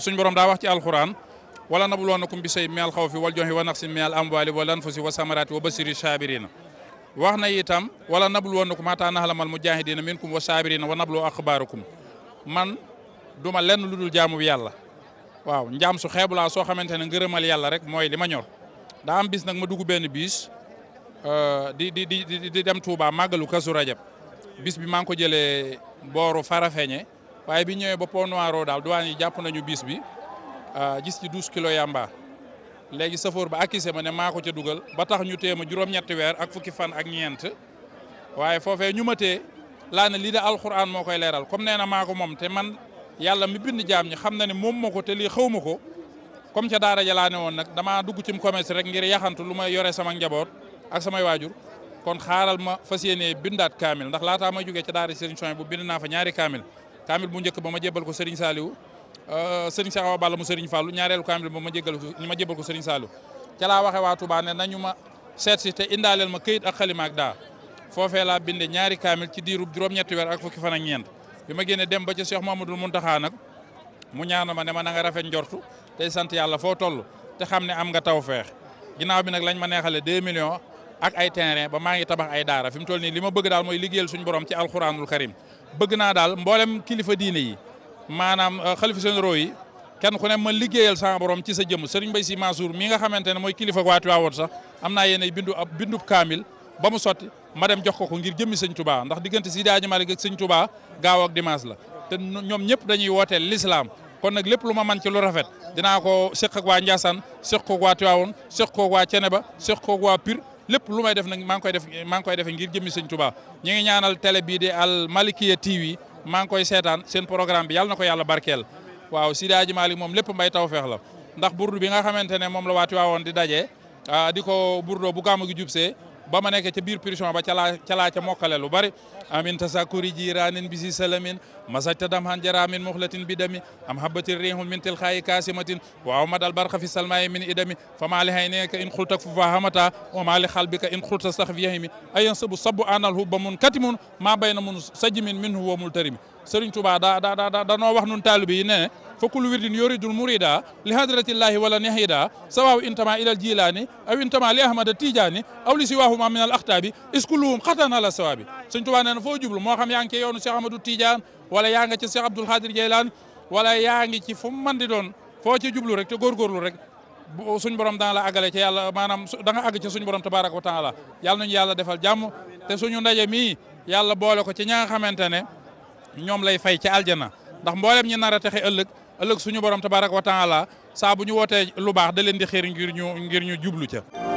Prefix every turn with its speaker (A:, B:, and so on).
A: suñ borom da wax ci alquran wala nabluwannakum bi say minal khawfi wal joxi wa naqsin minal amwali wal anfusi wa samaraati wa basiri shabirin waxna itam wala nabluwannakum hatta naxlamal mujahidin minkum wa sabirin wa nablu akhbarakum man duma len luddul jamu jaamu yàlla waaw njam su xeebu so xamantene ngeureumal yàlla rek moy lima ñor da am bis nak ma duggu ben bis di di di di dem Touba magalu kasu Rajab bis bi mang ngi ko jëlee booru Farafeñe waaye bi ñëwee ba Pont Noiraux daal douane yi jàpp nañu bis bi euh, gis ci douze kilos yamba léegi safoor ba accusé ma ne maa ko ca dugal ba tax ñu téye ma juróom-ñetti weer ak fukki fan ak ñeent waaye foofee ñu ma tee laa ne lii de alxuraan moo koy leeral comme nee na maa ko moom te man yàlla mi bind jaam ñi xam na ne moom ma ko te li xaw ma ko comme ca daara laa ne woon nag dama dugg cim commerce rek ngir yaxantu lu ma yore sama njaboot ak samay waajur kon xaaral ma fas yéenee bindaat kaamil ndax laataa may jógee ca daara Serigne Souhaïbou bu bind naa fa ñaari kaamil kaamil bu njëkk ba ma jebal ko Serigne Saliou euh, Serigne Cheikh Awa Balla mu Serigne Fallou ñaareelu kaamil ba ma jéggal ko ma jébbal ko Serigne Saliou ca laa waxee waa Touba ne nañu ma seet si te indaaleel ma këyit ak xalima ak daa foofee laa binde ñaari kaamil ci diirub juróom-ñetti weer ak fukki fan ak ñeent bi ma génne dem ba ca Cheikh Mamadou Mountakha nag mu ñaana ma ne ma na nga rafet njortu tey sant yàlla foo toll te xam ne am nga taw tawfeex ginnaaw bi nag lañ ma neexale 2 millions ak ay terrain ba ma ngi tabax ay daara fim tolni lima bëgg dal moy liggéeyal suñu borom ci alcorane karim bëgg na dal mboolem kilifa diine yi manam khalifa sen yi kenn ku ne ma liggéeyal sa borom ci sa jëm Serigne mbay si Mansour mi nga xamantene moy kilifa kilifa waa Tiwaawoon sax amna yene bindu bindu kamil ba mu soti ma dem jox ko ko ngir jëmi serigne Touba ndax digënté sidi adji malik ak serigne Touba gaaw ak dimanche la te ñom ñëpp dañuy woté l'islam kon nak lépp luma man ci lu rafet dina ko sekk ak wa ndiasan sekk ko wa tiawon sekk ko wa Ceneba sekk ko wa Pire lépp lu may def nag maa ngi koy def maa ngi koy ngir jëmmi sëñ Touba ñu ngi ñaanal télé bii di Al Malikia TV maa ngi koy seetaan seen programme bi yàlla na ko yàlla barkeel waaw Sidi Hadji Malick moom lépp mbay taw tawfeex la ndax burdu bi nga xamante ne moom la waati waawoon di daje ah, di ko burdoo bu gàmmu gi jubsee bama ma nekk bir biir prison ba ca la ca mokale lu bari amin tasakuri jiranin bisi salamin masata dam han jaramin mukhlatin bidami am habati rihu min khay kasimatin waaw madal barxa fi salmay min idami fama li hayneka in khultak fu fahamata wa ma li khalbika in xulta sax fiyahimi ayansabu sabu anal hubamun katimun ma bayna mun sajimin minhu wa multarimi Serigne Touba da da da danoo wax nun taalibe yi ne fa kullu wirdin yuridul murida li hadratillahi wala nehida sawaw intama ila al jilani aw intama li ahmada tijani aw li siwahuma min al akhtabi iskuluhum xatan ala sawabi Serigne Touba nee na foo jublu moo xam yaa ngi ci yoonu Cheikh Ahmadou Tidiane wala yaa nga ci Cheikh Abdoul Khadir Jeylaan wala yaa ngi ci fu mu mën di doon foo ci jublu rek te góorgóorlu rek suñ borom dana la àggale ci yàlla maanaam da nga àgg ci suñ borom tabaraka wa taala yàlla nañu yàlla defal jàmm te suñu ndaje mii yàlla boole ko ci ña nga xamante ne ñoom lay fay ci aljana ndax mboolem ñi nar a texe ëllëg ëllëg suñu borom tabarak wa taala saa bu ñu wootee lu baax da leen di xéer ngir ñu ngir ñu jublu ca